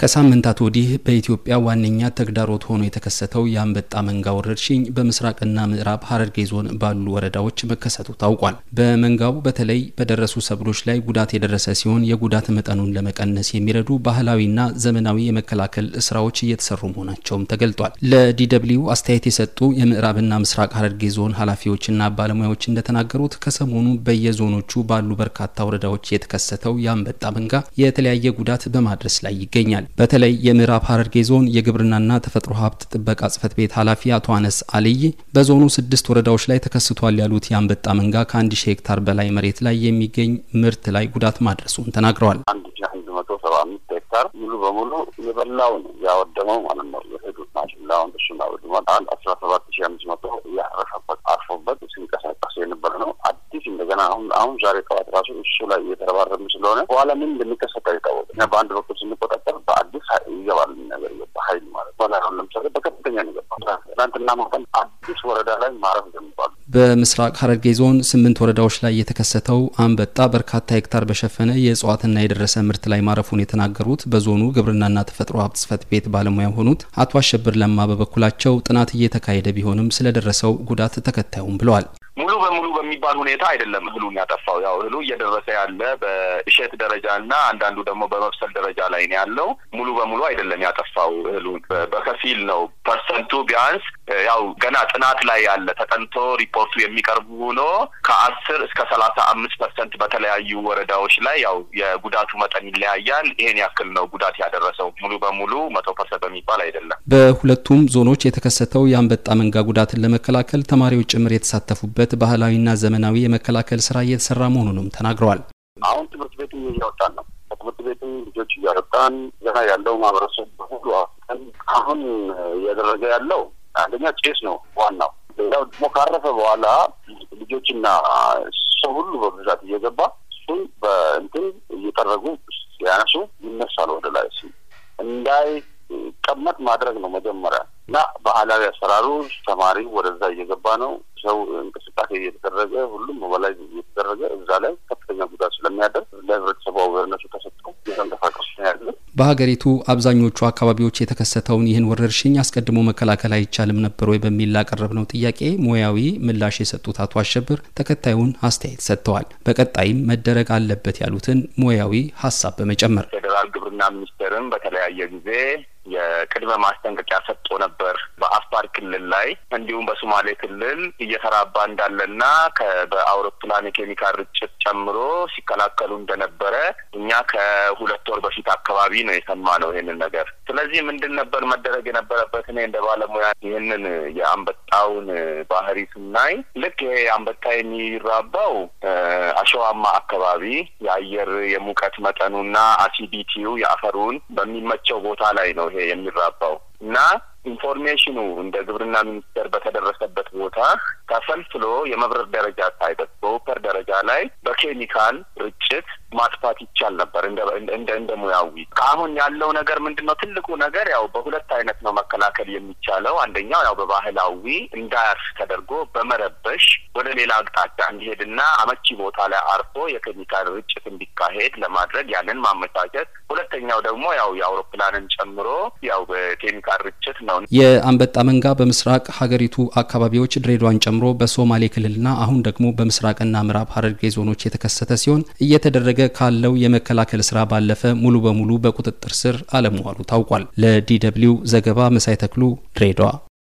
ከሳምንታት ወዲህ በኢትዮጵያ ዋነኛ ተግዳሮት ሆኖ የተከሰተው የአንበጣ መንጋ ወረርሽኝ በምስራቅና ምዕራብ ሐረርጌ ዞን ባሉ ወረዳዎች መከሰቱ ታውቋል። በመንጋው በተለይ በደረሱ ሰብሎች ላይ ጉዳት የደረሰ ሲሆን የጉዳት መጠኑን ለመቀነስ የሚረዱ ባህላዊና ዘመናዊ የመከላከል ስራዎች እየተሰሩ መሆናቸውም ተገልጧል። ለዲደብሊው አስተያየት የሰጡ የምዕራብና ምስራቅ ሐረርጌ ዞን ኃላፊዎችና ባለሙያዎች እንደተናገሩት ከሰሞኑ በየዞኖቹ ባሉ በርካታ ወረዳዎች የተከሰተው የአንበጣ መንጋ የተለያየ ጉዳት በማድረስ ላይ ይገኛል። በተለይ የምዕራብ ሐረርጌ ዞን የግብርናና ተፈጥሮ ሀብት ጥበቃ ጽህፈት ቤት ኃላፊ አቶ አነስ አልይ በዞኑ ስድስት ወረዳዎች ላይ ተከስቷል ያሉት የአንበጣ መንጋ ከአንድ ሺህ ሄክታር በላይ መሬት ላይ የሚገኝ ምርት ላይ ጉዳት ማድረሱን ተናግረዋል። አንድ ሺህ አንድ መቶ ሰባ አምስት ሄክታር ሙሉ በሙሉ የበላው ነው ያወደመው ማለት ነው። የሄዱት ናቸው ለአሁን እሱ አንድ አስራ ሰባት ሺህ አምስት መቶ ያረፈበት አርፎበት ሲንቀሳቀሱ የነበረ ነው። አዲስ እንደገና አሁን አሁን ዛሬ ጠዋት ራሱ እሱ ላይ እየተረባረብን ስለሆነ በኋላ ምን እንደሚከሰት አይታወቅም። እና በአንድ በኩል ስንቆጣጠር በአዲስ ይገባል ነገር ገባ ሀይል ማለት በላይ አሁን ለምሳሌ በከፍተኛ ነገር ትናንትና ማታም አዲስ ወረዳ ላይ ማረፍ ጀምሯል። በምስራቅ ሐረርጌ ዞን ስምንት ወረዳዎች ላይ የተከሰተው አንበጣ በርካታ ሄክታር በሸፈነ የእጽዋትና የደረሰ ምርት ላይ ማረፉን የተናገሩት በዞኑ ግብርናና ተፈጥሮ ሀብት ጽሕፈት ቤት ባለሙያ የሆኑት አቶ አሸብር ለማ በበኩላቸው ጥናት እየተካሄደ ቢሆንም ስለደረሰው ጉዳት ተከታዩም ብለዋል። ሙሉ በሙሉ በሚባል ሁኔታ አይደለም እህሉን ያጠፋው። ያው እህሉ እየደረሰ ያለ በእሸት ደረጃ እና አንዳንዱ ደግሞ በመብሰል ደረጃ ላይ ነው ያለው። ሙሉ በሙሉ አይደለም ያጠፋው እህሉን በከፊል ነው። ፐርሰንቱ ቢያንስ ያው ገና ጥናት ላይ ያለ ተጠንቶ ሪፖርቱ የሚቀርቡ ሆኖ ከአስር እስከ ሰላሳ አምስት ፐርሰንት በተለያዩ ወረዳዎች ላይ ያው የጉዳቱ መጠን ይለያያል። ይሄን ያክል ነው ጉዳት ያደረሰው ሙሉ በሙሉ መቶ ፐርሰንት በሚባል አይደለም። በሁለቱም ዞኖች የተከሰተው የአንበጣ መንጋ ጉዳትን ለመከላከል ተማሪዎች ጭምር የተሳተፉበት የሚችሉበት ባህላዊና ዘመናዊ የመከላከል ስራ እየተሰራ መሆኑንም ተናግረዋል። አሁን ትምህርት ቤት እያወጣን ነው። ከትምህርት ቤት ልጆች እያወጣን ገና ያለው ማህበረሰብ በሙሉ አሁን እያደረገ ያለው አንደኛ ጭስ ነው ዋናው። ሌላው ደግሞ ካረፈ በኋላ ልጆችና ሰው ሁሉ በብዛት እየገባ እሱን በእንትን እየጠረጉ ሲያነሱ ይነሳል ወደ ላይ እንዳይቀመጥ ማድረግ ነው መጀመሪያ እና ባህላዊ አሰራሩ ተማሪ ወደዛ እየገባ ነው ሰው እንቅስቃሴ እየተደረገ ሁሉም በላይ እየተደረገ እዛ ላይ ከፍተኛ ጉዳት ስለሚያደርግ ለህብረተሰቡ አዌርነሱ ተሰጥቶ የተንቀሳቀሱ ያለ በሀገሪቱ አብዛኞቹ አካባቢዎች የተከሰተውን ይህን ወረርሽኝ አስቀድሞ መከላከል አይቻልም ነበር ወይ በሚል ላቀረብ ነው ጥያቄ ሙያዊ ምላሽ የሰጡት አቶ አሸብር ተከታዩን አስተያየት ሰጥተዋል። በቀጣይም መደረግ አለበት ያሉትን ሙያዊ ሀሳብ በመጨመር ፌዴራል ግብርና ሚኒስቴርም በተለያየ ጊዜ የቅድመ ማስጠንቀቂያ ሰጥቶ ነበር። በአፋር ክልል ላይ እንዲሁም በሶማሌ ክልል እየተራባ እንዳለና በአውሮፕላን የኬሚካል ርጭት ጨምሮ ሲከላከሉ እንደነበረ እኛ ከሁለት ወር በፊት አካባቢ ነው የሰማነው ይህንን ነገር። ስለዚህ ምንድን ነበር መደረግ የነበረበት? እኔ እንደ ባለሙያ ይህንን የአንበጣውን ባህሪ ስናይ ልክ ይሄ አንበጣ የሚራባው አሸዋማ አካባቢ የአየር የሙቀት መጠኑና አሲዲቲው የአፈሩን በሚመቸው ቦታ ላይ ነው ይሄ የሚራባው እና ኢንፎርሜሽኑ እንደ ግብርና ሚኒስቴር በተደረሰበት ቦታ ተፈልፍሎ የመብረር ደረጃ ሳይደርስ በውፐር ደረጃ ላይ በኬሚካል ርጭት ማጥፋት ይቻል ነበር እንደ እንደ ሙያዊ። አሁን ያለው ነገር ምንድን ነው? ትልቁ ነገር ያው በሁለት አይነት ነው መከላከል የሚቻለው። አንደኛው ያው በባህላዊ እንዳያርፍ ተደርጎ በመረበሽ ወደ ሌላ አቅጣጫ እንዲሄድና አመቺ ቦታ ላይ አርፎ የኬሚካል ርጭት እንዲካሄድ ለማድረግ ያንን ማመቻቸት። ሁለተኛው ደግሞ ያው የአውሮፕላንን ጨምሮ ያው በኬሚካል ርጭት ነው። የአንበጣ መንጋ በምስራቅ ሀገሪቱ አካባቢዎች ድሬዳዋን ጨምሮ በሶማሌ ክልልና አሁን ደግሞ በምስራቅና ምዕራብ ሀረርጌ ዞኖች የተከሰተ ሲሆን እየተደረገ ካለው የመከላከል ስራ ባለፈ ሙሉ በሙሉ በቁጥጥር ስር አለመዋሉ ታውቋል። ለዲ ዘገባ መሳይ ተክሉ ድሬዳዋ